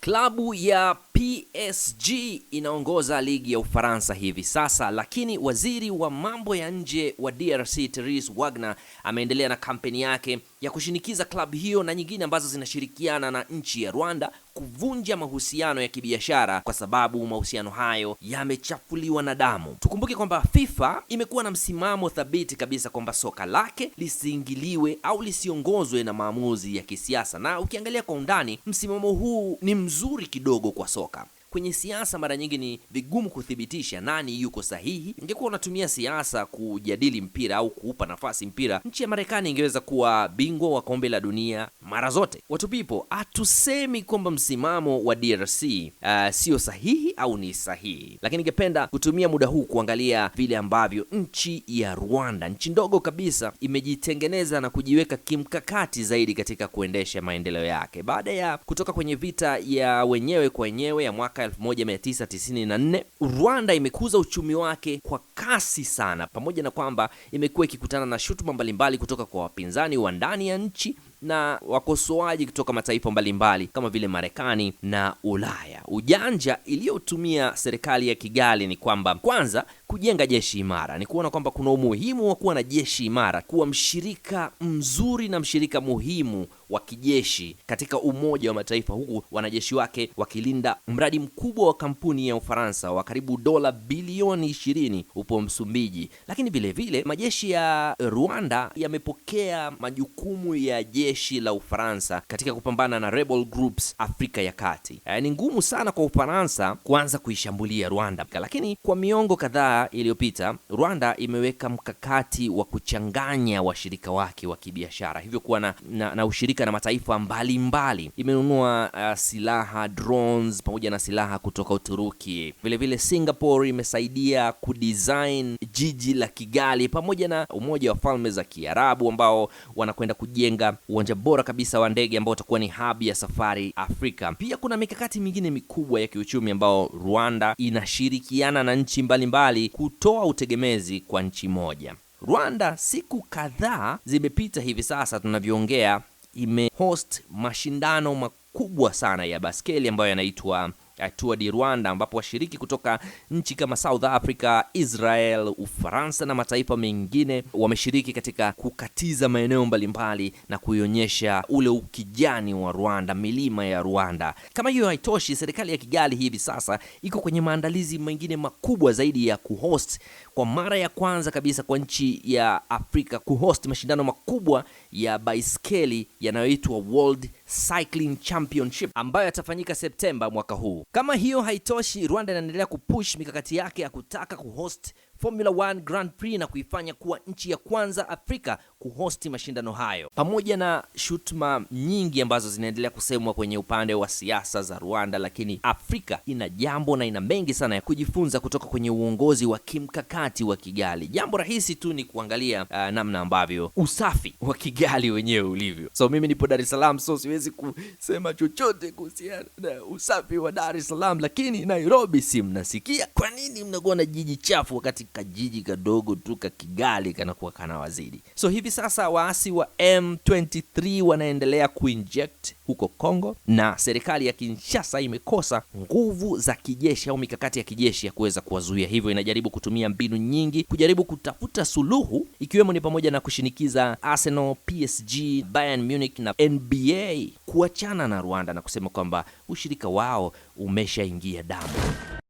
Klabu ya PSG inaongoza ligi ya Ufaransa hivi sasa, lakini waziri wa mambo ya nje wa DRC Therese Wagner ameendelea na kampeni yake ya kushinikiza klabu hiyo na nyingine ambazo zinashirikiana na nchi ya Rwanda kuvunja mahusiano ya kibiashara kwa sababu mahusiano hayo yamechafuliwa na damu. Tukumbuke kwamba FIFA imekuwa na msimamo thabiti kabisa kwamba soka lake lisiingiliwe au lisiongozwe na maamuzi ya kisiasa, na ukiangalia kwa undani, msimamo huu ni mzuri kidogo kwa soka kwenye siasa mara nyingi ni vigumu kuthibitisha nani yuko sahihi. Ingekuwa unatumia siasa kujadili mpira au kuupa nafasi mpira, nchi ya Marekani ingeweza kuwa bingwa wa kombe la dunia mara zote. Watu pipo, hatusemi kwamba msimamo wa DRC uh, eh, sio sahihi au ni sahihi, lakini ningependa kutumia muda huu kuangalia vile ambavyo nchi ya Rwanda, nchi ndogo kabisa, imejitengeneza na kujiweka kimkakati zaidi katika kuendesha maendeleo yake baada ya kutoka kwenye vita ya wenyewe kwa wenyewe ya mwaka mwaka 1994 Rwanda imekuza uchumi wake kwa kasi sana, pamoja na kwamba imekuwa ikikutana na shutuma mbalimbali kutoka kwa wapinzani wa ndani ya nchi na wakosoaji kutoka mataifa mbalimbali kama vile Marekani na Ulaya. Ujanja iliyotumia serikali ya Kigali ni kwamba kwanza kujenga jeshi imara, ni kuona kwamba kuna umuhimu wa kuwa na jeshi imara, kuwa mshirika mzuri na mshirika muhimu wa kijeshi katika Umoja wa Mataifa, huku wanajeshi wake wakilinda mradi mkubwa wa kampuni ya Ufaransa wa karibu dola bilioni ishirini upo Msumbiji. Lakini vilevile majeshi ya Rwanda yamepokea majukumu ya jeshi la Ufaransa katika kupambana na rebel groups Afrika ya Kati. E, ni ngumu sana kwa Ufaransa kuanza kuishambulia Rwanda, lakini kwa miongo kadhaa iliyopita Rwanda imeweka mkakati wa kuchanganya washirika wake wa kibiashara, hivyo kuwa na, na, na ushirika na mataifa mbalimbali. Imenunua uh, silaha drones, pamoja na silaha kutoka Uturuki. Vilevile Singapore imesaidia kudesign jiji la Kigali pamoja na Umoja wa Falme za Kiarabu ambao wanakwenda kujenga uwanja bora kabisa wa ndege ambao utakuwa ni hub ya safari Afrika. Pia kuna mikakati mingine mikubwa ya kiuchumi ambao Rwanda inashirikiana na nchi mbalimbali kutoa utegemezi kwa nchi moja. Rwanda siku kadhaa zimepita hivi sasa tunavyoongea, imehost mashindano makubwa sana ya baskeli ambayo yanaitwa Eh, tour de Rwanda ambapo washiriki kutoka nchi kama South Africa, Israel, Ufaransa na mataifa mengine wameshiriki katika kukatiza maeneo mbalimbali na kuionyesha ule ukijani wa Rwanda, milima ya Rwanda. Kama hiyo haitoshi, serikali ya Kigali hivi sasa iko kwenye maandalizi mengine makubwa zaidi ya kuhost kwa mara ya kwanza kabisa kwa nchi ya Afrika kuhost mashindano makubwa ya baiskeli yanayoitwa World Cycling Championship ambayo yatafanyika Septemba mwaka huu. Kama hiyo haitoshi, Rwanda inaendelea kupush mikakati yake ya kutaka kuhost Formula 1 Grand Prix na kuifanya kuwa nchi ya kwanza Afrika kuhosti mashindano hayo, pamoja na shutuma nyingi ambazo zinaendelea kusemwa kwenye upande wa siasa za Rwanda, lakini Afrika ina jambo na ina mengi sana ya kujifunza kutoka kwenye uongozi wa kimkakati wa Kigali. Jambo rahisi tu ni kuangalia uh, namna ambavyo usafi wa Kigali wenyewe ulivyo. So mimi nipo Dar es Salaam, so siwezi kusema chochote kuhusiana na usafi wa Dar es Salaam, lakini Nairobi si mnasikia? Kwa nini mnakuwa na jiji chafu wakati kajiji kadogo tu ka Kigali kanakuwa kanawazidi? So hivi hivi sasa waasi wa M23 wanaendelea kuinject huko Kongo, na serikali ya Kinshasa imekosa nguvu za kijeshi au mikakati ya kijeshi ya kuweza kuwazuia, hivyo inajaribu kutumia mbinu nyingi kujaribu kutafuta suluhu, ikiwemo ni pamoja na kushinikiza Arsenal, PSG, Bayern Munich na NBA kuachana na Rwanda na kusema kwamba ushirika wao umeshaingia damu.